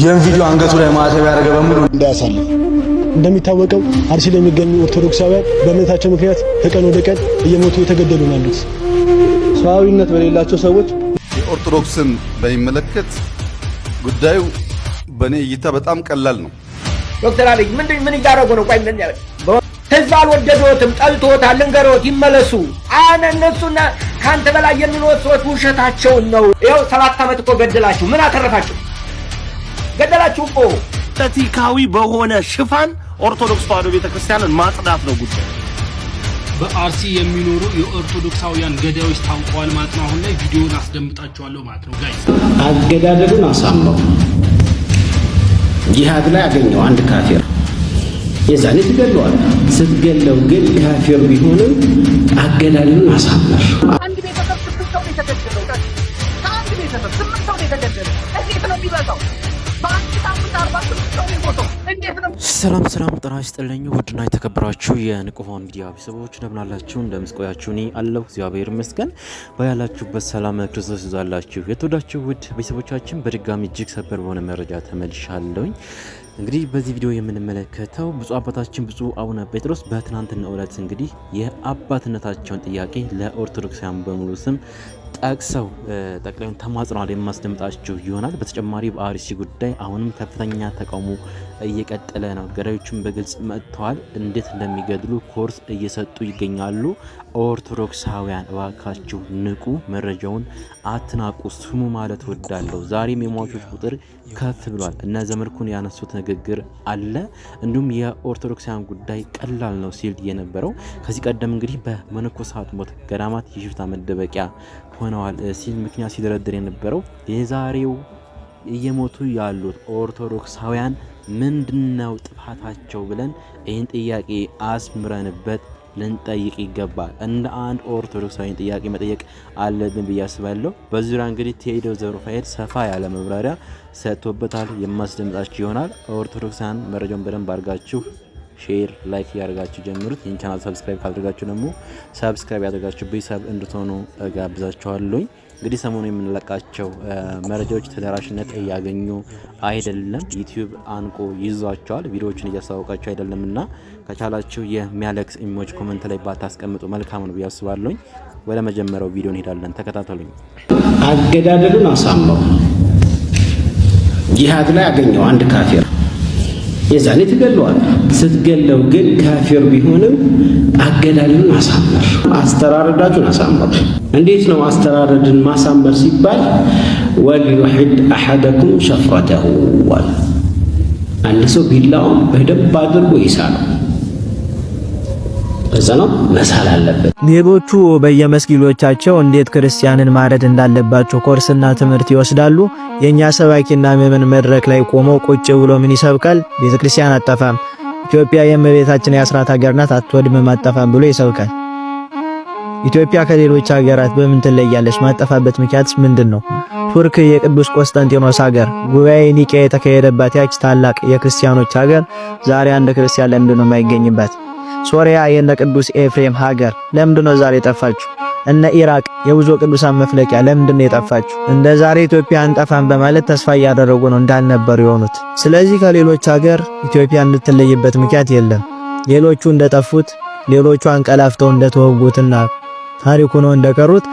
ይህን ቪዲዮ አንገቱ ላይ ማተብ ያደረገ በሙሉ እንዳያሳልፍ። እንደሚታወቀው አርሲ ላይ የሚገኙ ኦርቶዶክሳውያን በእምነታቸው ምክንያት ከቀን ወደ ቀን እየሞቱ የተገደሉ ነው ያሉት። ሰዋዊነት በሌላቸው ሰዎች የኦርቶዶክስን በሚመለከት ጉዳዩ በእኔ እይታ በጣም ቀላል ነው። ዶክተር አብይ ምን ምን እያደረጉ ነው? ቆይ ምን ህዝብ አልወደዶትም፣ ጠልቶታል። ልንገሮት ይመለሱ። አነ እነሱና ከአንተ በላይ የሚኖሩ ሰዎች ውሸታቸውን ነው። ይኸው ሰባት ዓመት እኮ ገደላችሁ፣ ምን አተረፋችሁ? ገደላችሁ እኮ። ፖለቲካዊ በሆነ ሽፋን ኦርቶዶክስ ተዋሕዶ ቤተክርስቲያንን ማጽዳት ነው ጉዳይ። በአርሲ የሚኖሩ የኦርቶዶክሳውያን ገዳዮች ታውቀዋል ማለት ነው። አሁን ላይ ቪዲዮን አስደምጣችኋለሁ ማለት ነው። ጋይ አገዳደሉን አሳመሩ። ጂሃድ ላይ አገኘው አንድ ካፊር የዛኔ ትገለዋል። ስትገለው ግን ካፊር ቢሆንም አገዳደሉን አሳመር ሰላም ሰላም ጤና ይስጥልኝ። ውድና የተከበራችሁ የንቁሆን ሚዲያ ቤተሰቦች እንደምን አላችሁ? እንደምን ቆያችሁ? እኔ አለሁ እግዚአብሔር ይመስገን። በያላችሁበት ሰላም ክርስቶስ ይዛላችሁ። የተወዳችሁ ውድ ቤተሰቦቻችን በድጋሚ እጅግ ሰበር በሆነ መረጃ ተመልሻለሁኝ። እንግዲህ በዚህ ቪዲዮ የምንመለከተው ብፁዕ አባታችን ብፁዕ አቡነ ጴጥሮስ በትናንትናው ዕለት እንግዲህ የአባትነታቸውን ጥያቄ ለኦርቶዶክሳውያን በሙሉ ስም ጠቅሰው ጠቅላዩን ተማጽነዋል። የማስደምጣችሁ ይሆናል። በተጨማሪ በአርሲ ጉዳይ አሁንም ከፍተኛ ተቃውሞ እየቀጠለ ነው። ገዳዮቹም በግልጽ መጥተዋል። እንዴት እንደሚገድሉ ኮርስ እየሰጡ ይገኛሉ። ኦርቶዶክሳውያን እባካችሁ ንቁ፣ መረጃውን አትናቁ፣ ስሙ ማለት ወዳለሁ። ዛሬም የሟቾች ቁጥር ከፍ ብሏል። እነ ዘመድኩን ያነሱት ንግግር አለ። እንዲሁም የኦርቶዶክሳውያን ጉዳይ ቀላል ነው ሲል የነበረው ከዚህ ቀደም እንግዲህ በመነኮሳት ሞት ገዳማት የሽፍታ መደበቂያ ሆነዋል ሲል ምክንያት ሲደረድር የነበረው የዛሬው እየሞቱ ያሉት ኦርቶዶክሳውያን ምንድነው ጥፋታቸው ብለን ይህን ጥያቄ አስምረንበት ልንጠይቅ ይገባል። እንደ አንድ ኦርቶዶክሳዊን ጥያቄ መጠየቅ አለብን ብዬ አስባለሁ። በዙሪያ እንግዲህ ቴዎድሮስ ዘሩፋኤል ሰፋ ያለ መብራሪያ ሰጥቶበታል። የማስደምጣችሁ ይሆናል። ኦርቶዶክሳን መረጃውን በደንብ አድርጋችሁ ሼር፣ ላይክ ያደርጋችሁ ጀምሩት። ይህን ቻናል ሰብስክራይብ ካደርጋችሁ ደግሞ ሰብስክራይብ ያደርጋችሁ ቤተሰብ እንድትሆኑ እጋብዛችኋለሁኝ። እንግዲህ ሰሞኑ የምንለቃቸው መረጃዎች ተደራሽነት እያገኙ አይደለም። ዩቲዩብ አንቆ ይዟቸዋል። ቪዲዮዎችን እያስተዋወቃቸው አይደለም እና ከቻላችሁ የሚያለቅስ ኢሞጅ ኮመንት ላይ ባታስቀምጡ መልካም ነው ብዬ አስባለሁኝ። ወደ መጀመሪያው ቪዲዮ እንሄዳለን። ተከታተሉኝ። አገዳደሉን አሳመው ጂሃድ ላይ አገኘው አንድ ካፊር የዛኔ ትገለዋል። ስትገለው ግን ካፊር ቢሆንም አገዳደሉን አሳምር፣ አስተራረዳችሁን አሳምር። እንዴት ነው አስተራረድን ማሳመር ሲባል ወልዩሕድ አሐደኩም ሸፍረተሁ ዋል አንድ ሰው ቢላውን በደንብ አድርጎ ይሳለው ነው መሳል አለበት። ሌቦቹ በየመስጊዶቻቸው እንዴት ክርስቲያንን ማረድ እንዳለባቸው ኮርስና ትምህርት ይወስዳሉ። የእኛ ሰባኪና ምዕመን መድረክ ላይ ቆመው ቁጭ ብሎ ምን ይሰብካል? ቤተ ክርስቲያን አጠፋም፣ ኢትዮጵያ የእመቤታችን የአስራት ሀገር ናት፣ አትወድምም፣ አጠፋም ብሎ ይሰብካል። ኢትዮጵያ ከሌሎች ሀገራት በምን ትለያለች? ማጠፋበት ምክንያት ምንድን ነው? ቱርክ የቅዱስ ቆስጠንጢኖስ ሀገር ጉባኤ ኒቄ የተካሄደባት ያች ታላቅ የክርስቲያኖች ሀገር ዛሬ አንድ ክርስቲያን ለምንድን ነው የማይገኝባት? ሶሪያ የነ ቅዱስ ኤፍሬም ሀገር ለምንድነው ዛሬ የጠፋችሁ? እነ ኢራቅ የብዙ ቅዱሳን መፍለቂያ ነው የጠፋችሁ? እንደ ዛሬ ኢትዮጵያ አንጠፋን በማለት ተስፋ እያደረጉ ነው እንዳልነበሩ የሆኑት። ስለዚህ ከሌሎች ሀገር ኢትዮጵያ እንድትለይበት ምክንያት የለም። ሌሎቹ እንደጠፉት ሌሎቹ አንቀላፍተው እንደተወጉትና ታሪኩ ነው እንደቀሩት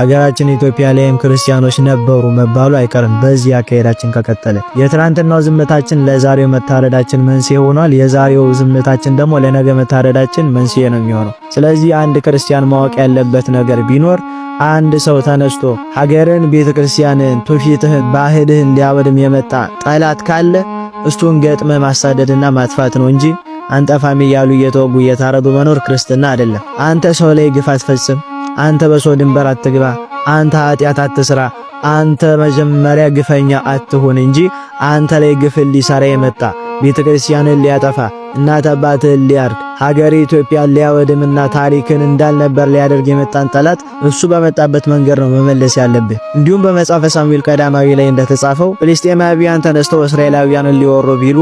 አገራችን ኢትዮጵያ ላይም ክርስቲያኖች ነበሩ መባሉ አይቀርም። በዚህ አካሄዳችን ከቀጠለ የትናንትናው ዝምታችን ለዛሬው መታረዳችን መንስኤ ሆኗል። የዛሬው ዝምታችን ደግሞ ለነገ መታረዳችን መንስኤ ነው የሚሆነው። ስለዚህ አንድ ክርስቲያን ማወቅ ያለበት ነገር ቢኖር አንድ ሰው ተነስቶ ሀገርን፣ ቤተክርስቲያንን፣ ትውፊትህን፣ ባህልህን ሊያወድም የመጣ ጠላት ካለ እሱን ገጥመ ማሳደድና ማጥፋት ነው እንጂ አንጠፋም እያሉ እየተወጉ እየታረዱ መኖር ክርስትና አይደለም። አንተ ሰው ላይ ግፍ አትፈጽም። አንተ በሰው ድንበር አትግባ፣ አንተ ኃጢአት አትስራ፣ አንተ መጀመሪያ ግፈኛ አትሁን እንጂ አንተ ላይ ግፍን ሊሰራ የመጣ ቤተ ክርስቲያንን ሊያጠፋ እናት አባትህን ሊያርግ ሀገር ኢትዮጵያን ሊያወድምና ታሪክን እንዳልነበር ሊያደርግ የመጣን ጠላት እሱ በመጣበት መንገድ ነው መመለስ ያለብህ። እንዲሁም በመጽሐፈ ሳሙኤል ቀዳማዊ ላይ እንደተጻፈው ፍልስጤማውያን ተነስተው እስራኤላውያንን ሊወሩ ቢሉ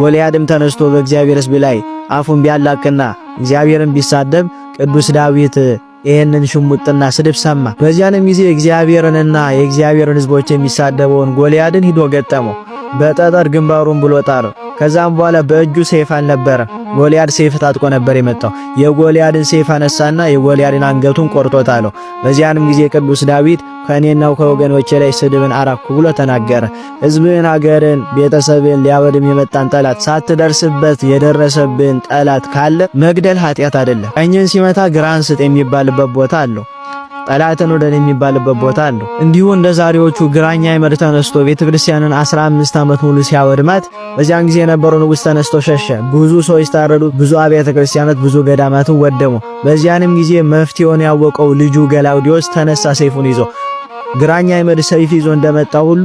ጎልያድም ተነስቶ በእግዚአብሔር ሕዝብ ላይ አፉን ቢያላቅና እግዚአብሔርን ቢሳደብ ቅዱስ ዳዊት ይህንን ሽሙጥና ስድብ ሰማ። በዚያንም ጊዜ እግዚአብሔርንና የእግዚአብሔርን ሕዝቦች የሚሳደበውን ጎልያድን ሂዶ ገጠመው። በጠጠር ግንባሩን ብሎ ጣለው። ከዛም በኋላ በእጁ ሰይፍ አልነበረ፣ ጎልያድ ሰይፍ ታጥቆ ነበር የመጣው። የጎልያድን ሴፍ አነሳና የጎልያድን አንገቱን ቆርጦታለው አለው። በዚያንም ጊዜ ቅዱስ ዳዊት ከእኔናው ከወገኖቼ ላይ ስድብን አራኩ ብሎ ተናገረ። ሕዝብን፣ ሀገርን፣ ቤተሰብን ሊያወድም የመጣን ጠላት ሳትደርስበት የደረሰብን ጠላት ካለ መግደል ኃጢአት አይደለም። ቀኝን ሲመታ ግራን ስጥ የሚባልበት ቦታ አለው። ጠላትን ወደን የሚባልበት ቦታ አለ። እንዲሁ እንደ ዛሬዎቹ ግራኛ አይመድ ተነስቶ ቤተ ክርስቲያንን 15 ዓመት ሙሉ ሲያወድማት በዚያን ጊዜ የነበረው ንጉሥ ተነስቶ ሸሸ። ብዙ ሰዎች ታረዱ፣ ብዙ አብያተ ክርስቲያናት፣ ብዙ ገዳማትን ወደሙ። በዚያንም ጊዜ መፍትሄውን ያወቀው ልጁ ገላውዲዮስ ተነሳ ሰይፉን ይዞ። ግራኛ አይመድ ሰይፍ ይዞ እንደመጣ ሁሉ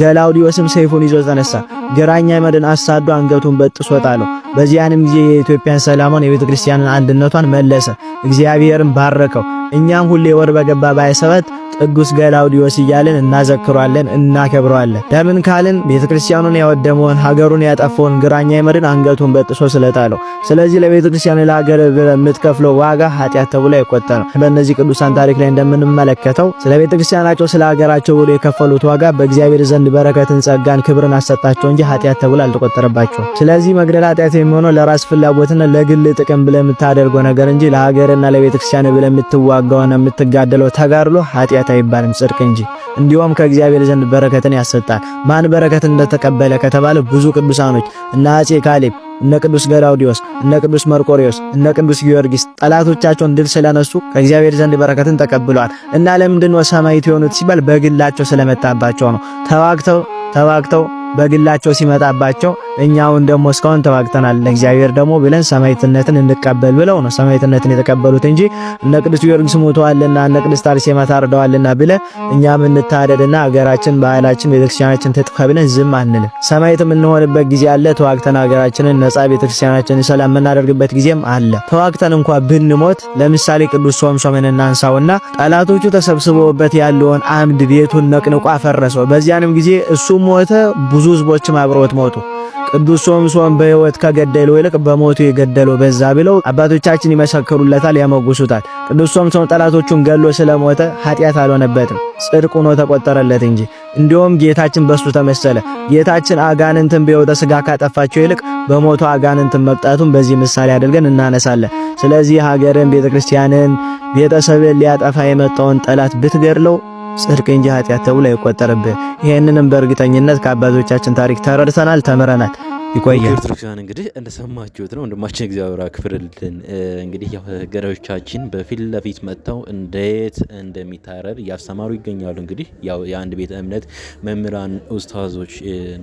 ገላውዲዮስም ሰይፉን ይዞ ተነሳ። ግራኛ አይመድን አሳዶ አንገቱን በጥሶ ጣለው። በዚያንም ጊዜ የኢትዮጵያን ሰላሟን፣ የቤተ ክርስቲያንን አንድነቷን መለሰ። እግዚአብሔርን ባረከው። እኛም ሁሌ ወር በገባ ባይሰበት ቅዱስ ገላውዲዮስ እያልን እናዘክሯለን፣ እናከብረዋለን። ለምን ካልን ቤተክርስቲያኑን ያወደመውን ሀገሩን ያጠፋውን ግራኛ ይመርን አንገቱን በጥሶ ስለጣለው። ስለዚህ ለቤተክርስቲያን ለሀገር የምትከፍለው ዋጋ ኃጢአት ተብሎ አይቆጠርም። በእነዚህ ቅዱሳን ታሪክ ላይ እንደምንመለከተው ስለ ክርስቲያናቸው ስለ ሀገራቸው ብሎ የከፈሉት ዋጋ በእግዚአብሔር ዘንድ በረከትን፣ ጸጋን፣ ክብርን አሰጣቸው እንጂ ኃጢአት ተብሎ አልተቆጠረባቸው። ስለዚህ መግደል ኃጢአት የሚሆነው ለራስ ፍላጎትና ለግል ጥቅም ብለህ የምታደርገው ነገር እንጂ ለሀገርና ለቤተክርስቲያን ብለህ የምትዋጋውና የምትጋደለው ተጋድሎ ኃጢአት በረከት አይባልም ጽድቅ እንጂ። እንዲሁም ከእግዚአብሔር ዘንድ በረከትን ያሰጣል። ማን በረከት እንደተቀበለ ከተባለ ብዙ ቅዱሳኖች እነ አፄ ካሌብ፣ እነ ቅዱስ ገላውዲዮስ፣ እነ ቅዱስ መርቆሪዎስ፣ እነ ቅዱስ ጊዮርጊስ ጠላቶቻቸውን ድል ስለነሱ ከእግዚአብሔር ዘንድ በረከትን ተቀብለዋል። እና ለምንድን ነው ሰማዕት የሆኑት ሲባል በግላቸው ስለመጣባቸው ነው። ተዋግተው ተዋግተው በግላቸው ሲመጣባቸው እኛውን ደግሞ እስካሁን ተዋግተናል ለእግዚአብሔር ደግሞ ብለን ሰማይትነትን እንቀበል ብለው ነው ሰማይትነትን የተቀበሉት እንጂ እነ ቅዱስ ጊዮርጊስ ሞተዋልና እነ ቅድስት አርሴማ ታርደዋልና ብለን እኛም እንታደድና ሀገራችን፣ ባህላችን፣ ቤተክርስቲያናችን ትጥፋ ብለን ዝም አንልም። ሰማዕት የምንሆንበት ጊዜ አለ። ተዋግተን አገራችንን ነጻ ቤተክርስቲያናችንን ሰላም የምናደርግበት ጊዜም አለ። ተዋግተን እንኳ ብንሞት ለምሳሌ ቅዱስ ሶምሶንን እናንሳውና ጠላቶቹ ተሰብስበውበት ያለውን አምድ ቤቱን ነቅንቆ አፈረሰው። በዚያንም ጊዜ እሱ ሞተ ብዙ ብዙ ህዝቦችም አብረውት ሞቱ። ቅዱስ ሶምሶን በህይወት ከገደሉ ይልቅ በሞቱ የገደሉ በዛ ብለው አባቶቻችን ይመሰክሩለታል፣ ያመጉሱታል። ቅዱስ ሶምሶን ጠላቶቹን ገሎ ስለሞተ ኃጢአት አልሆነበትም፣ ጽድቅ ሆኖ ተቆጠረለት እንጂ። እንዲሁም ጌታችን በሱ ተመሰለ። ጌታችን አጋንንትን በሕይወተ ስጋ ካጠፋቸው ይልቅ በሞቱ አጋንንትን መቅጣቱን በዚህ ምሳሌ አድርገን እናነሳለን። ስለዚህ ሀገርን፣ ቤተክርስቲያንን፣ ቤተሰብን ሊያጠፋ የመጣውን ጠላት ብትገድለው ጽድቅ እንጂ ኃጢአት ተብሎ አይቆጠርብህ። ይህንንም በእርግጠኝነት ከአባቶቻችን ታሪክ ተረድተናል፣ ተምረናል። ይቆያል። ኦርቶዶክሳውያን እንግዲህ እንደሰማችሁት ነው። ወንድማችን እግዚአብሔር አክፍርልን። እንግዲህ ገዳዮቻችን በፊት ለፊት መጥተው እንዴት እንደሚታረድ እያስተማሩ ይገኛሉ። እንግዲህ የአንድ ቤተ እምነት መምህራን ኡስታዞች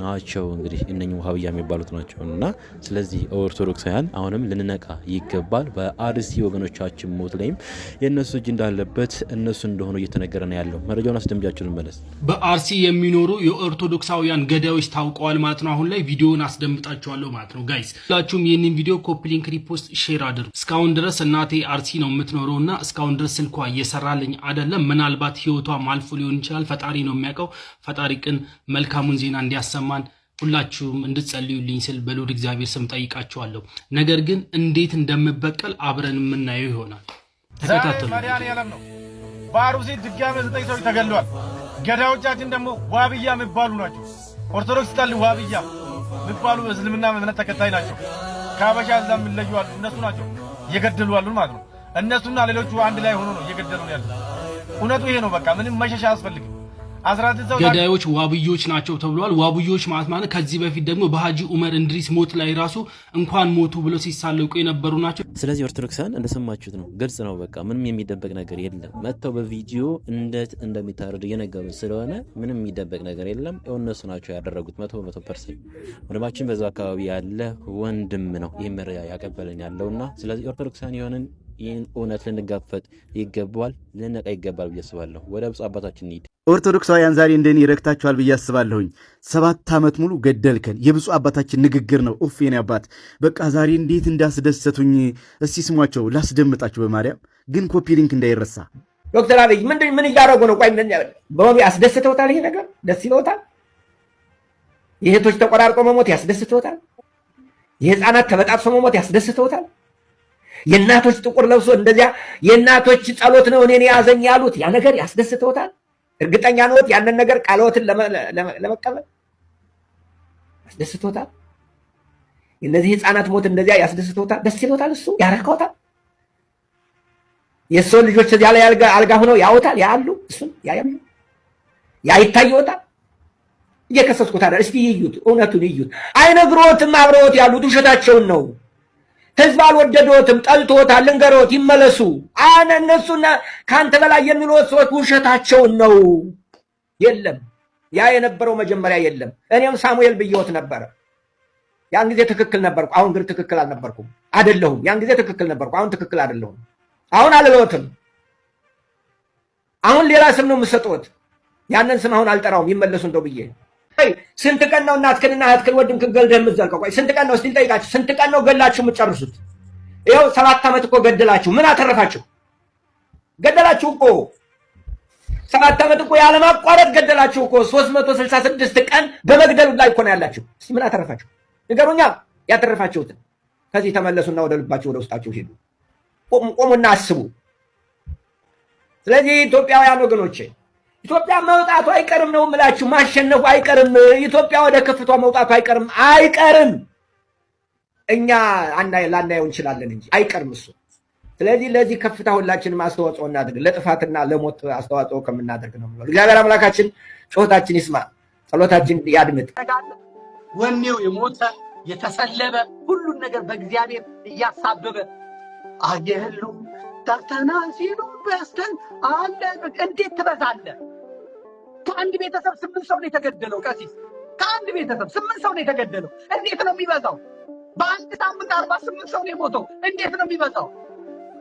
ናቸው። እንግዲህ እነኝህ ውሃብያ የሚባሉት ናቸው እና ስለዚህ ኦርቶዶክሳውያን አሁንም ልንነቃ ይገባል። በአርሲ ወገኖቻችን ሞት ላይም የእነሱ እጅ እንዳለበት እነሱ እንደሆኑ እየተነገረ ነው ያለው። መረጃውን አስደምጃቸው ልመለስ። በአርሲ የሚኖሩ የኦርቶዶክሳውያን ገዳዮች ታውቀዋል ማለት ነው። አሁን ላይ ቪዲዮን አስደምጠ አስቀምጣችኋለሁ ማለት ነው ጋይስ። ሁላችሁም ይህንን ቪዲዮ ኮፒ ሊንክ፣ ሪፖስት፣ ሼር አድርጉ። እስካሁን ድረስ እናቴ አርሲ ነው የምትኖረው እና እስካሁን ድረስ ስልኳ እየሰራልኝ አይደለም። ምናልባት ህይወቷ ማልፎ ሊሆን ይችላል። ፈጣሪ ነው የሚያውቀው። ፈጣሪ ቅን መልካሙን ዜና እንዲያሰማን ሁላችሁም እንድትጸልዩልኝ ስል በሉድ እግዚአብሔር ስም ጠይቃችኋለሁ። ነገር ግን እንዴት እንደምበቀል አብረን የምናየው ይሆናል። ተከታተሉ። መድኃኔዓለም ነው በአሩሲ ድጋሜ ዘጠኝ ሰዎች ተገድለዋል። ገዳዮቻችን ደግሞ ዋብያ የሚባሉ ናቸው። ኦርቶዶክስ ጠል ዋብያ የሚባሉ እስልምና እምነት ተከታይ ናቸው። ከአበሻ እዛ የሚለዩ አሉ። እነሱ ናቸው እየገደሉ ያሉን ማለት ነው። እነሱና ሌሎቹ አንድ ላይ ሆኖ ነው እየገደሉ ያሉ። እውነቱ ይሄ ነው። በቃ ምንም መሸሻ አያስፈልግም። ገዳዮች ዋብዮች ናቸው ተብሏል። ዋብዮች ማለት ማለት ከዚህ በፊት ደግሞ በሀጂ ኡመር እንድሪስ ሞት ላይ ራሱ እንኳን ሞቱ ብለው ሲሳለቁ የነበሩ ናቸው። ስለዚህ ኦርቶዶክሳን እንደሰማችሁት ነው፣ ግልጽ ነው። በቃ ምንም የሚደበቅ ነገር የለም። መጥተው በቪዲዮ እንዴት እንደሚታረዱ እየነገሩ ስለሆነ ምንም የሚደበቅ ነገር የለም። እነሱ ናቸው ያደረጉት መቶ በመቶ ፐርሰንት። ወንድማችን በዛ አካባቢ ያለ ወንድም ነው ይህ መረጃ ያቀበለን ያለውና ስለዚህ ኦርቶዶክሳን የሆንን ይህን እውነት ልንጋፈጥ ይገባል፣ ልንነቃ ይገባል ብዬ አስባለሁ። ወደ ብፁዕ አባታችን እንሂድ። ኦርቶዶክሳውያን ዛሬ እንደኔ ይረክታችኋል ብዬ አስባለሁኝ። ሰባት ዓመት ሙሉ ገደልከን የብፁ አባታችን ንግግር ነው። ኡፍ የኔ አባት በቃ ዛሬ እንዴት እንዳስደሰቱኝ እስቲ ስሟቸው ላስደምጣችሁ። በማርያም ግን ኮፒ ሊንክ እንዳይረሳ። ዶክተር አብይ ምን እያደረጉ ነው? ቆይ በሆኑ ያስደስተውታል? ይሄ ነገር ደስ ይለውታል? የእህቶች ተቆራርጦ መሞት ያስደስተውታል? የህፃናት ተበጣጥሶ መሞት ያስደስተውታል? የእናቶች ጥቁር ለብሶ እንደዚያ የእናቶች ጸሎት ነው እኔን የያዘኝ ያሉት ያ ነገር ያስደስተውታል? እርግጠኛ ኖት? ያንን ነገር ቃልዎትን ለመቀበል ያስደስቶታል። የእነዚህ ህፃናት ሞት እንደዚያ ያስደስቶታል፣ ደስ ይሎታል፣ እሱ ያረካዎታል። የሰውን ልጆች እዚያ ላይ አልጋ ሆነው ያውታል፣ ያሉ እሱም ያያሉ፣ ያ ይታይዎታል። እየከሰስኩታል። እስቲ ይዩት፣ እውነቱን ይዩት። አይነግሮትም። አብረዎት ያሉት ውሸታቸውን ነው። ህዝብ አልወደዶትም፣ ጠልቶታል። ልንገሮት ይመለሱ። አነ እነሱና ከአንተ በላይ የሚሉት ሰዎች ውሸታቸውን ነው። የለም ያ የነበረው መጀመሪያ የለም። እኔም ሳሙኤል ብየወት ነበረ። ያን ጊዜ ትክክል ነበርኩ፣ አሁን ግን ትክክል አልነበርኩም አደለሁም። ያን ጊዜ ትክክል ነበርኩ፣ አሁን ትክክል አደለሁም። አሁን አልለወትም። አሁን ሌላ ስም ነው የምሰጠት። ያንን ስም አሁን አልጠራውም። ይመለሱ እንደው ብዬ ስንት ቀን ነው እናትክንና እህትክን ወንድምክን ገልደህ የምትዘልቀው? ቆይ ስንት ቀን ነው እስቲ ልጠይቃችሁ፣ ስንት ቀን ነው ገላችሁ የምትጨርሱት? ይኸው ሰባት ዓመት እኮ ገደላችሁ። ምን አተረፋችሁ? ገደላችሁ እኮ ሰባት ዓመት እኮ ያለማቋረጥ ገደላችሁ እኮ። ሶስት መቶ ስልሳ ስድስት ቀን በመግደሉ ላይ እኮ ነው ያላችሁ። ምን አተረፋችሁ ንገሩኛ፣ ያተረፋችሁትን። ከዚህ ተመለሱና ወደ ልባችሁ ወደ ውስጣችሁ ሄዱ፣ ቆሙና አስቡ። ስለዚህ ኢትዮጵያውያን ወገኖቼ ኢትዮጵያ መውጣቱ አይቀርም ነው የምላችሁ። ማሸነፉ አይቀርም። ኢትዮጵያ ወደ ከፍቷ መውጣቱ አይቀርም አይቀርም። እኛ ላናየው እንችላለን እንጂ አይቀርም እሱ። ስለዚህ ለዚህ ከፍታ ሁላችንም አስተዋጽኦ እናድርግ። ለጥፋትና ለሞት አስተዋጽኦ ከምናደርግ ነው የምለው። እግዚአብሔር አምላካችን ጩኸታችን ይስማ፣ ጸሎታችን ያድምጥ። ወኔው የሞተ የተሰለበ ሁሉን ነገር በእግዚአብሔር እያሳበበ አየህሉ ዳክተና በስተን አለ እንዴት ትበዛለህ? ከአንድ ቤተሰብ ስምንት ሰው ነው የተገደለው። ቀሲስ ከአንድ ቤተሰብ ስምንት ሰው ነው የተገደለው። እንዴት ነው የሚበዛው? በአንድ ሳምንት አርባ ስምንት ሰው ነው የሞተው። እንዴት ነው የሚበዛው?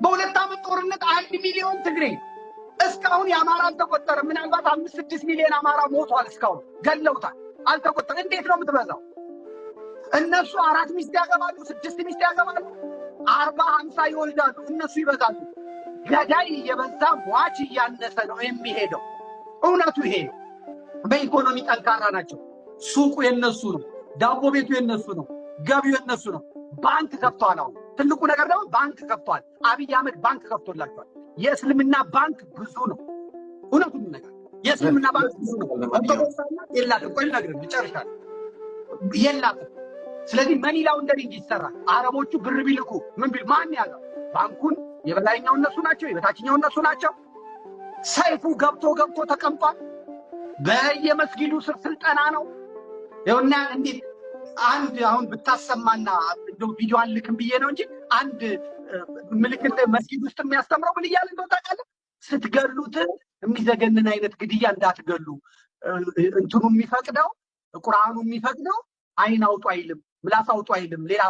በሁለት ዓመት ጦርነት አንድ ሚሊዮን ትግሬ እስካሁን የአማራ አልተቆጠረም። ምናልባት አምስት ስድስት ሚሊዮን አማራ ሞቷል። እስካሁን ገለውታል፣ አልተቆጠረም። እንዴት ነው የምትበዛው? እነሱ አራት ሚስት ያገባሉ፣ ስድስት ሚስት ያገባሉ፣ አርባ ሀምሳ ይወልዳሉ። እነሱ ይበዛሉ። ገዳይ እየበዛ ሟች እያነሰ ነው የሚሄደው። እውነቱ ይሄ ነው። በኢኮኖሚ ጠንካራ ናቸው። ሱቁ የነሱ ነው። ዳቦ ቤቱ የነሱ ነው። ገቢው የነሱ ነው። ባንክ ከፍተዋል። አሁን ትልቁ ነገር ደግሞ ባንክ ከፍተዋል። አብይ አህመድ ባንክ ከፍቶላቸዋል። የእስልምና ባንክ ብዙ ነው። እውነቱም ነገር የእስልምና ባንክ ብዙ ነው። የላትም። ቆይ ልነግርህ እጨርሻለሁ። የላትም። ስለዚህ መኒላው እንደ ይሰራል። አረቦቹ ብር ቢልኩ ምን ቢል ማን ያዘው ባንኩን? የበላይኛው እነሱ ናቸው፣ የበታችኛው እነሱ ናቸው። ሰይፉ ገብቶ ገብቶ ተቀምጧል። በየመስጊዱ ስር ስልጠና ነው ይኸውና። እንዴት አንድ አሁን ብታሰማና ቪዲዮ አልክም ብዬ ነው እንጂ አንድ ምልክት መስጊድ ውስጥ የሚያስተምረው ምን እያለ እንደው ታውቃለህ? ስትገሉት የሚዘገንን አይነት ግድያ እንዳትገሉ እንትኑ የሚፈቅደው ቁርአኑ የሚፈቅደው አይን አውጡ አይልም፣ ምላስ አውጡ አይልም፣ ሌላ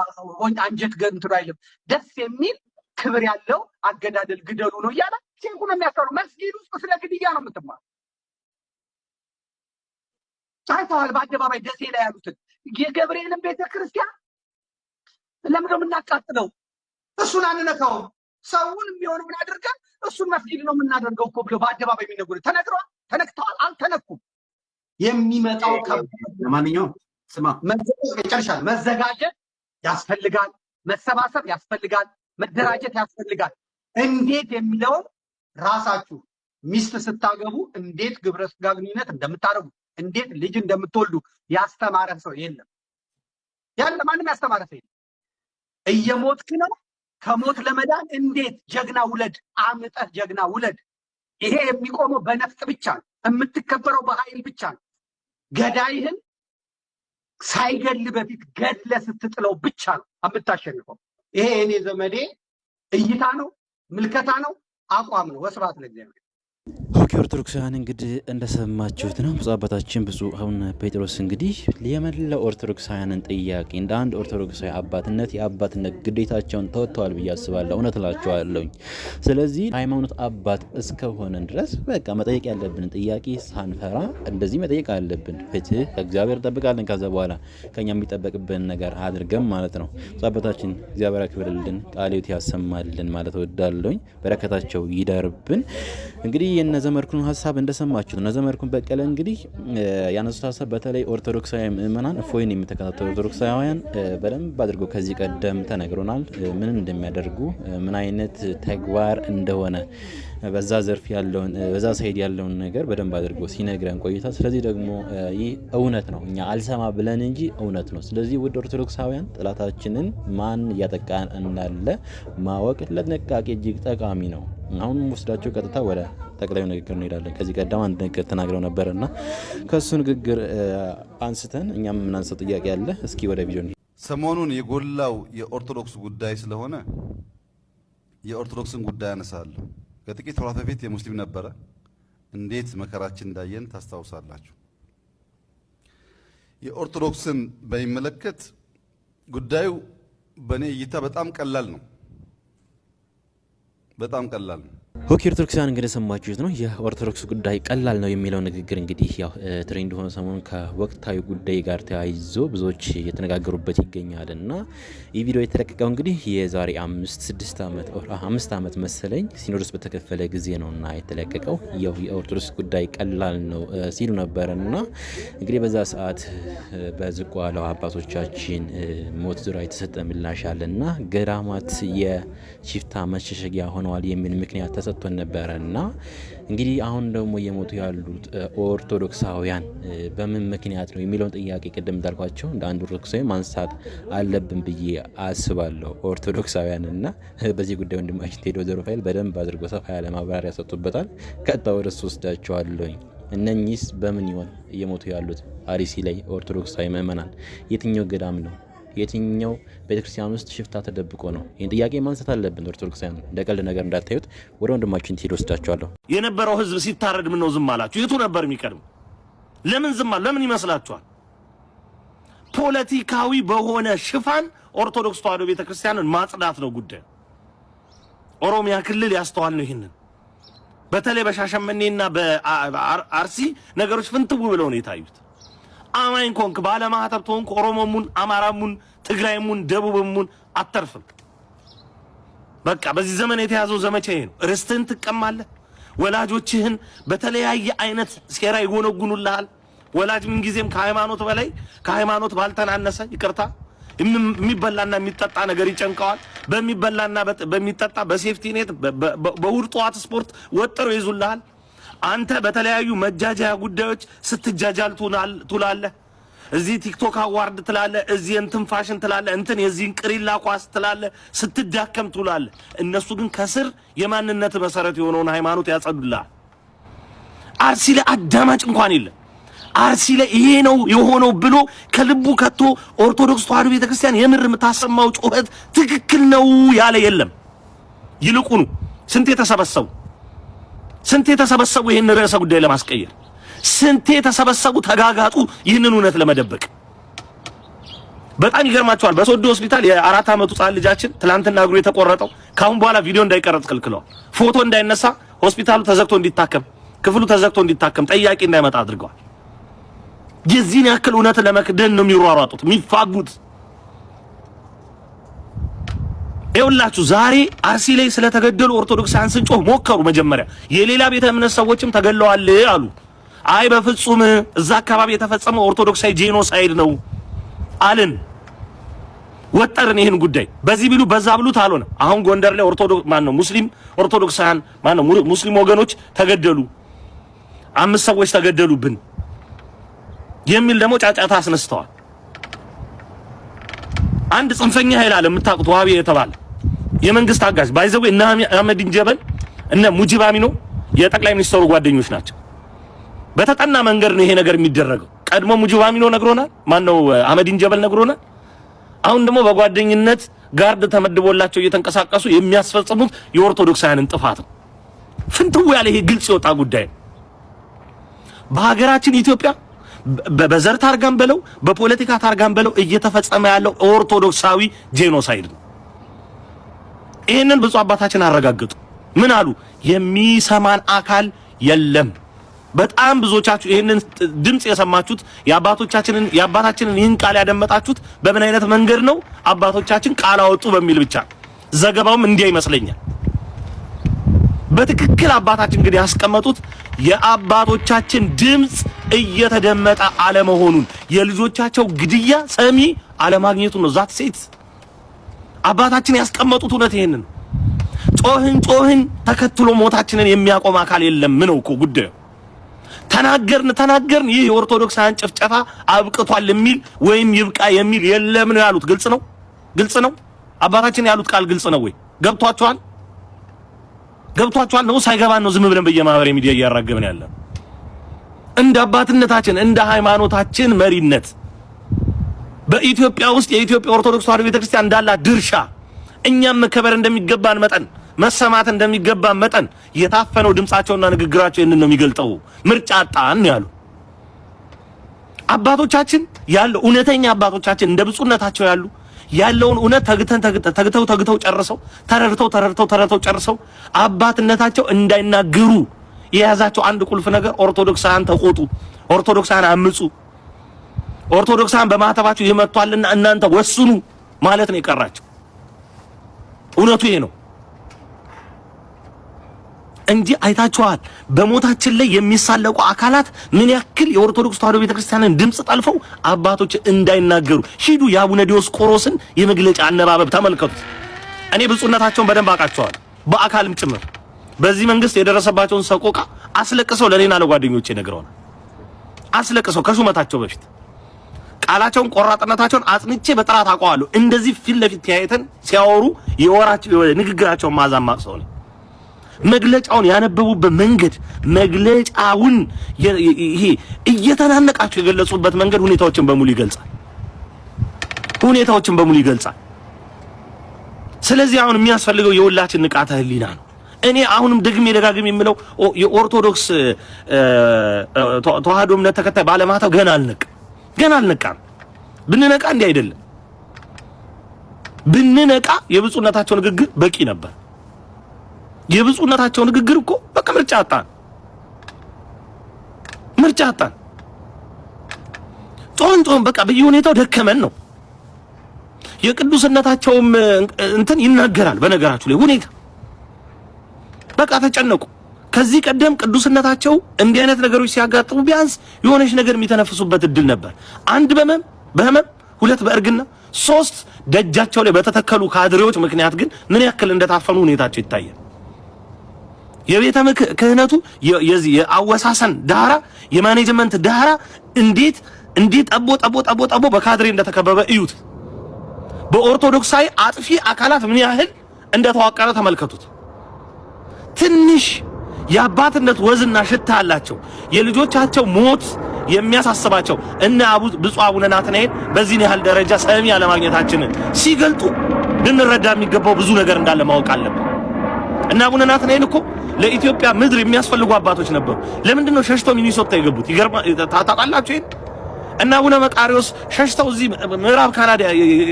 አንጀት ገ እንትኑ አይልም። ደስ የሚል ክብር ያለው አገዳደል ግደሉ ነው እያለ ሴንኩ ነው የሚያስተምረው። መስጊድ ውስጥ ስለ ግድያ ነው የምትማር ታይተዋል በአደባባይ ደሴ ላይ ያሉትን የገብርኤልን ቤተክርስቲያን ለምንድነው የምናቃጥለው? እሱን አንነካውም። ሰውን ምን አድርገን እሱን መስጊድ ነው የምናደርገው እኮ ብለው በአደባባይ የሚነግሩ ተነግረዋል፣ ተነክተዋል፣ አልተነኩም። የሚመጣው ለማንኛውም ስማ፣ መዘጋጀት ያስፈልጋል፣ መሰባሰብ ያስፈልጋል፣ መደራጀት ያስፈልጋል። እንዴት የሚለውን ራሳችሁ ሚስት ስታገቡ እንዴት ግብረ ስጋ ግንኙነት እንደምታደርጉ እንዴት ልጅ እንደምትወልዱ ያስተማረ ሰው የለም። ያለ ማንም ያስተማረ ሰው የለም። እየሞትክ ነው። ከሞት ለመዳን እንዴት ጀግና ውለድ፣ አምጠህ ጀግና ውለድ። ይሄ የሚቆመው በነፍጥ ብቻ ነው። የምትከበረው በኃይል ብቻ ነው። ገዳይህን ሳይገል በፊት ገድለ ስትጥለው ብቻ ነው የምታሸንፈው። ይሄ የኔ ዘመዴ እይታ ነው፣ ምልከታ ነው፣ አቋም ነው። ወስብሐት ለእግዚአብሔር። ተባራኪ ኦርቶዶክሳውያን እንግዲህ እንደሰማችሁት ነው። ብፁዕ አባታችን ብፁዕ አቡነ ጴጥሮስ እንግዲህ የመላው ኦርቶዶክሳውያንን ጥያቄ እንደ አንድ ኦርቶዶክሳዊ አባትነት የአባትነት ግዴታቸውን ተወጥተዋል ብዬ አስባለሁ። እውነት እላቸዋለሁኝ። ስለዚህ ሃይማኖት አባት እስከሆነን ድረስ በቃ መጠየቅ ያለብን ጥያቄ ሳንፈራ እንደዚህ መጠየቅ አለብን። ፍትህ እግዚአብሔር እንጠብቃለን። ከዛ በኋላ ከኛ የሚጠበቅብን ነገር አድርገን ማለት ነው። ብፁዕ አባታችን እግዚአብሔር ያክብርልን፣ ቃልዎት ያሰማልን ማለት እወዳለሁኝ። በረከታቸው ይደርብን። እንግዲህ የነዘመ ዘመድኩን ሀሳብ እንደሰማችሁ ነው። ዘመድኩን በቀለ እንግዲህ ያነሱት ሀሳብ በተለይ ኦርቶዶክሳዊ ምእመናን እፎይን የሚተከታተሉ ኦርቶዶክሳውያን በደንብ አድርገው ከዚህ ቀደም ተነግሮናል፣ ምን እንደሚያደርጉ ምን አይነት ተግባር እንደሆነ በዛ ዘርፍ ያለውን በዛ ሳይድ ያለውን ነገር በደንብ አድርጎ ሲነግረን ቆይታ። ስለዚህ ደግሞ ይህ እውነት ነው፣ እኛ አልሰማ ብለን እንጂ እውነት ነው። ስለዚህ ውድ ኦርቶዶክሳውያን ጠላታችንን ማን እያጠቃ እንዳለ ማወቅ ለጥንቃቄ እጅግ ጠቃሚ ነው። አሁን ወስዳቸው ቀጥታ ወደ ጠቅላዩ ንግግር እንሄዳለን። ከዚህ ቀደም አንድ ንግግር ተናግረው ነበር እና ከእሱ ንግግር አንስተን እኛም የምናንሰው ጥያቄ አለ። እስኪ ወደ ቪዲዮ ሰሞኑን የጎላው የኦርቶዶክስ ጉዳይ ስለሆነ የኦርቶዶክስን ጉዳይ አነሳለሁ። ከጥቂት ወራት በፊት የሙስሊም ነበረ። እንዴት መከራችን እንዳየን ታስታውሳላችሁ። የኦርቶዶክስን በሚመለከት ጉዳዩ በእኔ እይታ በጣም ቀላል ነው። በጣም ቀላል ነው። ኦኬ ኦርቶዶክሳን እንግዲህ ሰማችሁት ነው። የኦርቶዶክስ ጉዳይ ቀላል ነው የሚለው ንግግር እንግዲህ ያው ትሬንድ ሆነ ሰሞኑን ከወቅታዊ ጉዳይ ጋር ተያይዞ ብዙዎች እየተነጋገሩበት ይገኛል እና ይህ ቪዲዮ የተለቀቀው እንግዲህ የዛሬ አምስት ስድስት ዓመት አምስት ዓመት መሰለኝ ሲኖዶስ በተከፈለ ጊዜ ነው እና የተለቀቀው ያው የኦርቶዶክስ ጉዳይ ቀላል ነው ሲሉ ነበር እና እንግዲህ በዛ ሰዓት በዝቋላው አባቶቻችን ሞት ዙሪያ የተሰጠ ምላሽ አለ እና ገዳማት የሽፍታ መሸሸጊያ ሆነዋል የሚል ምክንያት ተሰ ሰጥቶን ነበረ እና እንግዲህ አሁን ደግሞ እየሞቱ ያሉት ኦርቶዶክሳውያን በምን ምክንያት ነው የሚለውን ጥያቄ ቅድም እንዳልኳቸው እንደ አንድ ኦርቶዶክሳዊ ማንሳት አለብን ብዬ አስባለሁ። ኦርቶዶክሳውያን እና በዚህ ጉዳይ ወንድማችን ቴዶ ዘሩፋኤል በደንብ አድርጎ ሰፋ ያለ ማብራሪያ ሰጡበታል። ቀጥታ ወደ እሱ ወስዳቸዋለሁኝ። እነኚህስ በምን ይሆን እየሞቱ ያሉት አርሲ ላይ ኦርቶዶክሳዊ ምእመናን? የትኛው ገዳም ነው የትኛው ቤተክርስቲያን ውስጥ ሽፍታ ተደብቆ ነው? ይህን ጥያቄ ማንሳት አለብን። ኦርቶዶክሳውያን እንደ ቀልድ ነገር እንዳታዩት። ወደ ወንድማችን ትሄድ ወስዳቸዋለሁ። የነበረው ህዝብ ሲታረድ ምን ነው ዝም አላችሁ? የቱ ነበር የሚቀድመው? ለምን ዝም አሉ? ለምን ይመስላችኋል? ፖለቲካዊ በሆነ ሽፋን ኦርቶዶክስ ተዋሕዶ ቤተክርስቲያንን ማጽዳት ነው ጉዳዩ። ኦሮሚያ ክልል ያስተዋል ነው ይህንን በተለይ በሻሸመኔና በአርሲ ነገሮች ፍንትው ብለው ነው የታዩት። አማኝ ኮንክ ባለማህተብ ተሆንክ ኦሮሞሙን፣ አማራሙን፣ ትግራይሙን፣ ደቡብሙን አተርፍም። በቃ በዚህ ዘመን የተያዘው ዘመቻ ይሄ ነው። ርስትህን ትቀማለህ። ወላጆችህን በተለያየ አይነት ሴራ ይጎነጉኑልሃል። ወላጅ ምንጊዜም ከሃይማኖት በላይ ከሃይማኖት ባልተናነሰ ይቅርታ የሚበላና የሚጠጣ ነገር ይጨንቀዋል። በሚበላና በሚጠጣ በሴፍቲ ኔት በእሑድ ጠዋት ስፖርት ወጥረው ይዙልሃል። አንተ በተለያዩ መጃጃያ ጉዳዮች ስትጃጃል ትውላለህ። እዚህ ቲክቶክ አዋርድ ትላለ፣ እዚህ እንትን ፋሽን ትላለ፣ እንትን የዚህን ቅሪላ ኳስ ትላለ፣ ስትዳከም ትውላለ። እነሱ ግን ከስር የማንነት መሰረት የሆነውን ሃይማኖት ያጸዱላል አርሲ ላይ አዳማጭ እንኳን የለም። አርሲ ላይ ይሄ ነው የሆነው ብሎ ከልቡ ከቶ ኦርቶዶክስ ተዋሕዶ ቤተክርስቲያን የምር የምታሰማው ጩኸት ትክክል ነው ያለ የለም። ይልቁኑ ስንት የተሰበሰቡ ስንቴ ተሰበሰቡ ይህን ርዕሰ ጉዳይ ለማስቀየር? ስንቴ ተሰበሰቡ ተጋጋጡ ይህንን እውነት ለመደበቅ? በጣም ይገርማቸዋል። በሶዶ ሆስፒታል የአራት ዓመቱ ጻል ልጃችን ትላንትና እግሩ የተቆረጠው ካሁን በኋላ ቪዲዮ እንዳይቀረጽ ከልክለዋል። ፎቶ እንዳይነሳ ሆስፒታሉ ተዘግቶ እንዲታከም፣ ክፍሉ ተዘግቶ እንዲታከም፣ ጠያቂ እንዳይመጣ አድርገዋል። የዚህን ያክል እውነት ለመክደን ነው የሚሯሯጡት የሚፋጉት። ይኸውላችሁ ዛሬ አርሲ ላይ ስለተገደሉ ኦርቶዶክሳን ስንጮህ ሞከሩ። መጀመሪያ የሌላ ቤተ እምነት ሰዎችም ተገለዋል አሉ። አይ በፍጹም እዛ አካባቢ የተፈጸመ ኦርቶዶክሳዊ ጄኖሳይድ ነው አልን። ወጠርን ይህን ጉዳይ በዚህ ቢሉ በዛ ብሉት አልሆነ። አሁን ጎንደር ላይ ኦርቶዶክስ ነው ሙስሊም ኦርቶዶክሳን ነው ሙስሊም ወገኖች ተገደሉ፣ አምስት ሰዎች ተገደሉብን የሚል ደግሞ ጫጫታ አስነስተዋል። አንድ ጽንፈኛ ኃይል አለ የምታውቁት ዋቢ የተባለ የመንግስት አጋዥ ባይዘው እነ አህመዲን ጀበል እነ ሙጂብ አሚኖ የጠቅላይ ሚኒስትሩ ጓደኞች ናቸው። በተጠና መንገድ ነው ይሄ ነገር የሚደረገው። ቀድሞ ሙጂብ አሚኖ ነግሮናል። ነው አህመዲን ጀበል ነግሮናል። አሁን ደግሞ በጓደኝነት ጋርድ ተመድቦላቸው እየተንቀሳቀሱ የሚያስፈጽሙት የኦርቶዶክሳውያንን ጥፋት ነው። ፍንትው ያለ ይሄ ግልጽ የወጣ ጉዳይ ነው። በሀገራችን ኢትዮጵያ በዘር ታርጋም በለው በፖለቲካ ታርጋን በለው እየተፈጸመ ያለው ኦርቶዶክሳዊ ጄኖሳይድ ነው። ይህንን ብዙ አባታችን አረጋግጡ። ምን አሉ? የሚሰማን አካል የለም። በጣም ብዙዎቻችሁ ይህንን ድምፅ የሰማችሁት የአባቶቻችንን የአባታችንን ይህን ቃል ያደመጣችሁት በምን አይነት መንገድ ነው? አባቶቻችን ቃል አወጡ በሚል ብቻ። ዘገባውም እንዲያ ይመስለኛል። በትክክል አባታችን እንግዲህ ያስቀመጡት የአባቶቻችን ድምፅ እየተደመጠ አለመሆኑን የልጆቻቸው ግድያ ሰሚ አለማግኘቱ ነው ዛት ሴት አባታችን ያስቀመጡት እውነት ይሄንን ጮህን ጮህን ተከትሎ ሞታችንን የሚያቆም አካል የለም ነው እኮ ጉዳዩ። ተናገርን ተናገርን ይህ የኦርቶዶክሳውያን ጭፍጨፋ አብቅቷል የሚል ወይም ይብቃ የሚል የለም ነው ያሉት። ግልጽ ነው፣ ግልጽ ነው። አባታችን ያሉት ቃል ግልጽ ነው ወይ? ገብቷቸዋል፣ ገብቷቸዋል። ነው ሳይገባን ነው ዝም ብለን በየማህበራዊ ሚዲያ እያራገብን ያለ እንደ አባትነታችን እንደ ሃይማኖታችን መሪነት በኢትዮጵያ ውስጥ የኢትዮጵያ ኦርቶዶክስ ተዋህዶ ቤተክርስቲያን እንዳላት ድርሻ እኛም መከበር እንደሚገባን መጠን መሰማት እንደሚገባን መጠን የታፈነው ድምፃቸውና ንግግራቸው ይህንን ነው የሚገልጠው። ምርጫ አጣን ያሉ አባቶቻችን ያለው እውነተኛ አባቶቻችን እንደ ብፁነታቸው ያሉ ያለውን እውነት ተግተን ተግተው ተግተው ጨርሰው ተረድተው ተረድተው ተረድተው ጨርሰው አባትነታቸው እንዳይናገሩ የያዛቸው አንድ ቁልፍ ነገር ኦርቶዶክሳን ተቆጡ፣ ኦርቶዶክሳን አምፁ ኦርቶዶክሳን በማህተባቸው ይመቷልና እናንተ ወስኑ ማለት ነው የቀራቸው። እውነቱ ይሄ ነው እንጂ አይታችኋል። በሞታችን ላይ የሚሳለቁ አካላት ምን ያክል የኦርቶዶክስ ተዋሕዶ ቤተክርስቲያንን ድምፅ ጠልፈው አባቶች እንዳይናገሩ ሂዱ። የአቡነ ዲዮስቆሮስን የመግለጫ አነባበብ ተመልከቱት። እኔ ብፁዕነታቸውን በደንብ አውቃቸዋል በአካልም ጭምር በዚህ መንግስት የደረሰባቸውን ሰቆቃ አስለቅሰው ለእኔና ለጓደኞቼ ነግረውናል። አስለቅሰው ከሹመታቸው በፊት ቃላቸውን ቆራጥነታቸውን አጽንቼ በጥራት አውቀዋለሁ። እንደዚህ ፊት ለፊት ተያይተን ሲያወሩ የወራቸው ንግግራቸውን ማዛማቅ ሰው ነው። መግለጫውን ያነበቡበት መንገድ መግለጫውን ይሄ እየተናነቃቸው የገለጹበት መንገድ ሁኔታዎችን በሙሉ ይገልጻል። ሁኔታዎችን በሙሉ ይገልጻል። ስለዚህ አሁን የሚያስፈልገው የሁላችን ንቃተ ህሊና ነው። እኔ አሁንም ደግሜ ደጋግሜ የምለው የኦርቶዶክስ ተዋህዶ እምነት ተከታይ ባለማታው ገና አልነቅ ገና አልነቃም። ብንነቃ እንዲህ አይደለም። ብንነቃ የብፁዕነታቸው ንግግር በቂ ነበር። የብፁዕነታቸው ንግግር እኮ በቃ ምርጫ አጣን፣ ምርጫ አጣን። ጾም ጾም በቃ በየሁኔታው ደከመን ነው። የቅዱስነታቸውም እንትን ይናገራል። በነገራችሁ ላይ ሁኔታ በቃ ተጨነቁ። ከዚህ ቀደም ቅዱስነታቸው እንዲህ አይነት ነገሮች ሲያጋጥሙ ቢያንስ የሆነች ነገር የሚተነፍሱበት እድል ነበር። አንድ በህመም በህመም ሁለት በእርግና ሶስት ደጃቸው ላይ በተተከሉ ካድሬዎች ምክንያት ግን ምን ያክል እንደታፈኑ ሁኔታቸው ይታያል። የቤተ ክህነቱ የዚህ የአወሳሰን ዳራ የማኔጅመንት ዳራ እንዴት እንዴት ጠቦ ጠቦ ጠቦ ጠቦ በካድሬ እንደተከበበ እዩት። በኦርቶዶክሳዊ አጥፊ አካላት ምን ያህል እንደተዋቀረ ተመልከቱት። ትንሽ የአባትነት ወዝና ሽታ አላቸው። የልጆቻቸው ሞት የሚያሳስባቸው እነ ብፁዕ አቡነ ናትናኤል በዚህን ያህል ደረጃ ሰሚ አለማግኘታችንን ሲገልጡ ልንረዳ የሚገባው ብዙ ነገር እንዳለ ማወቅ አለብን። እነ አቡነ ናትናኤል እኮ ለኢትዮጵያ ምድር የሚያስፈልጉ አባቶች ነበሩ። ለምንድን ነው ሸሽተው ሚኒሶታ የገቡት? ታውቃላችሁ ይሄን? እነ አቡነ መቃሪዎስ ሸሽተው እዚህ ምዕራብ ካናዳ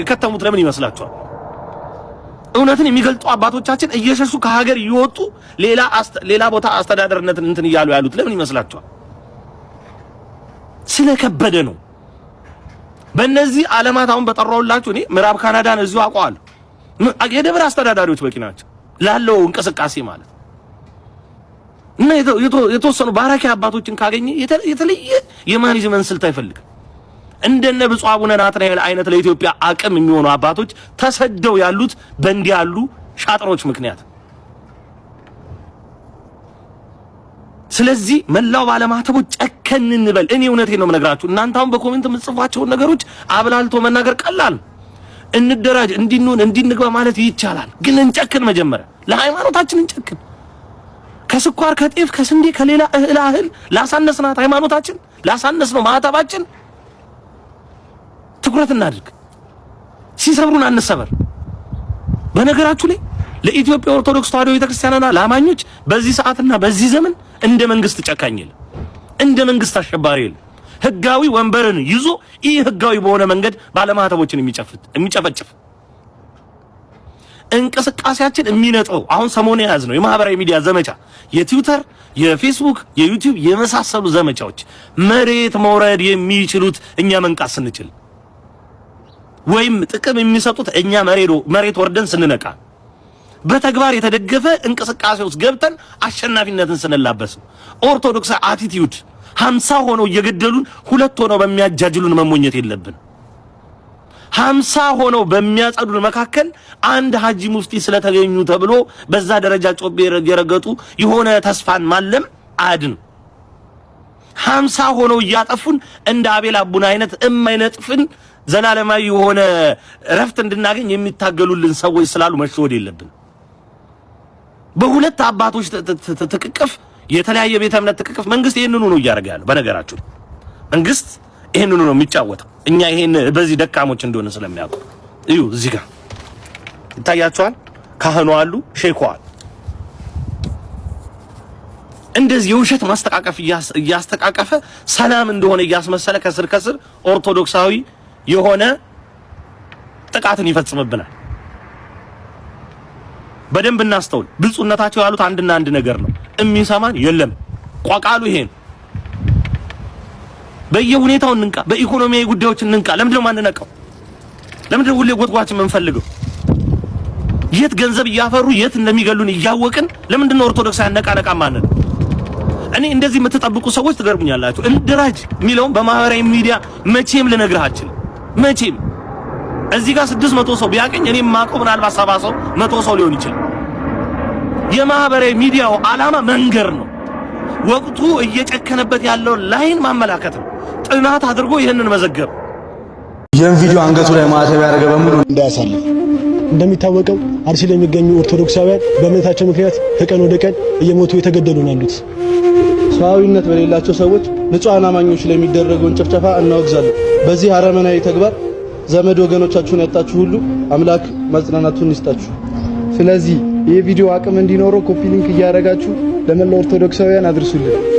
የከተሙት ለምን ይመስላችኋል? እውነትን የሚገልጡ አባቶቻችን እየሸሹ ከሀገር እየወጡ ሌላ ቦታ አስተዳደርነትን እንትን እያሉ ያሉት ለምን ይመስላችኋል? ስለከበደ ነው። በእነዚህ ዓለማት አሁን በጠራውላችሁ እኔ ምዕራብ ካናዳን እዚሁ አውቀዋለሁ። የደብር አስተዳዳሪዎች በቂ ናቸው ላለው እንቅስቃሴ ማለት እና የተወሰኑ ባራኪ አባቶችን ካገኘ የተለየ የማኔጅመንት ስልት አይፈልግም። እንደነ ብፁዕ አቡነ ናትናኤል አይነት ለኢትዮጵያ አቅም የሚሆኑ አባቶች ተሰደው ያሉት በእንዲህ ያሉ ሻጥሮች ምክንያት። ስለዚህ መላው ባለማተቦች ጨከን እንበል። እኔ እውነቴ ነው የምነግራችሁ። እናንተ አሁን በኮሜንት የምጽፏቸውን ነገሮች አብላልቶ መናገር ቀላል፣ እንደራጅ፣ እንዲንሆን፣ እንዲንግባ ማለት ይቻላል። ግን እንጨክን፣ መጀመሪያ ለሃይማኖታችን እንጨክን። ከስኳር ከጤፍ ከስንዴ ከሌላ እህል አህል ላሳነስናት ሃይማኖታችን ላሳነስ ነው ማህተባችን ትኩረት እናድርግ፣ ሲሰብሩን አንሰበር። በነገራችሁ ላይ ለኢትዮጵያ ኦርቶዶክስ ተዋሕዶ ቤተክርስቲያንና ለአማኞች በዚህ ሰዓትና በዚህ ዘመን እንደ መንግስት ጨካኝ የለም፣ እንደ መንግስት አሸባሪ የለም። ህጋዊ ወንበርን ይዞ ይህ ህጋዊ በሆነ መንገድ ባለማህተቦችን የሚጨፍት የሚጨፈጭፍ እንቅስቃሴያችን የሚነጠው አሁን ሰሞኑን የያዝ ነው የማህበራዊ ሚዲያ ዘመቻ፣ የትዊተር፣ የፌስቡክ፣ የዩቲዩብ የመሳሰሉ ዘመቻዎች መሬት መውረድ የሚችሉት እኛ መንቃት ስንችል ወይም ጥቅም የሚሰጡት እኛ መሬት ወርደን ስንነቃ በተግባር የተደገፈ እንቅስቃሴ ውስጥ ገብተን አሸናፊነትን ስንላበስ ኦርቶዶክስ አቲቲዩድ ሀምሳ ሆነው እየገደሉን ሁለት ሆነው በሚያጃጅሉን መሞኘት የለብን። ሀምሳ ሆነው በሚያጸዱን መካከል አንድ ሀጂ ሙፍቲ ስለተገኙ ተብሎ በዛ ደረጃ ጮቤ የረገጡ የሆነ ተስፋን ማለም አድን ሀምሳ ሆነው እያጠፉን እንደ አቤል አቡን አይነት እማይነጥፍን ዘላለማዊ የሆነ እረፍት እንድናገኝ የሚታገሉልን ሰዎች ስላሉ መሸወድ የለብን። በሁለት አባቶች ትቅቅፍ የተለያየ ቤተ እምነት ትቅቅፍ መንግስት ይህንኑ ነው እያደረገ ያለው። በነገራችሁ መንግስት ይህንኑ ነው የሚጫወተው። እኛ ይህን በዚህ ደካሞች እንደሆነ ስለሚያውቁ እዩ። እዚህ ጋር ይታያቸዋል። ካህኑ አሉ፣ ሼኮ አሉ። እንደዚህ የውሸት ማስተቃቀፍ እያስተቃቀፈ ሰላም እንደሆነ እያስመሰለ ከስር ከስር ኦርቶዶክሳዊ የሆነ ጥቃትን ይፈጽምብናል። በደንብ እናስተውል። ብልጹነታቸው ያሉት አንድና አንድ ነገር ነው። እሚሰማን የለም። ቋቃሉ ይሄ ነው። በየሁኔታው እንንቃ፣ በኢኮኖሚያዊ ጉዳዮች እንንቃ። ለምንድነው ማንነቃው? ለምንድነው ሁሌ ጎትጓችን የምንፈልገው? የት ገንዘብ እያፈሩ የት እንደሚገሉን እያወቅን ለምንድነው ኦርቶዶክስ ነቃ ማነን? እኔ እንደዚህ የምትጠብቁ ሰዎች ትገርሙኛላችሁ። እንድራጅ የሚለውም በማህበራዊ ሚዲያ መቼም ልነግራችሁ መቼም እዚህ ጋር ስድስት መቶ ሰው ቢያቀኝ እኔም ማቀው ምናልባት ሰባ ሰው መቶ ሰው ሊሆን ይችላል። የማህበራዊ ሚዲያው ዓላማ መንገር ነው። ወቅቱ እየጨከነበት ያለውን ላይን ማመላከት ነው። ጥናት አድርጎ ይህንን መዘገብ ይህን ቪዲዮ አንገቱ ላይ ማተብ ያደረገ በሙሉ እንዳያሳልፍ እንደሚታወቀው አርሲ ለሚገኙ ኦርቶዶክሳውያን በእምነታቸው ምክንያት ከቀን ወደ ቀን እየሞቱ የተገደሉ ነው ያሉት። ሰዋዊነት በሌላቸው ሰዎች ንጹሃን አማኞች ላይ የሚደረገውን ጭፍጨፋ እናወግዛለን። በዚህ አረመናዊ ተግባር ዘመድ ወገኖቻችሁን ያጣችሁ ሁሉ አምላክ መጽናናቱን ይስጣችሁ። ስለዚህ ይህ ቪዲዮ አቅም እንዲኖረው ኮፒ ሊንክ እያደረጋችሁ ለመላ ኦርቶዶክሳውያን አድርሱልን።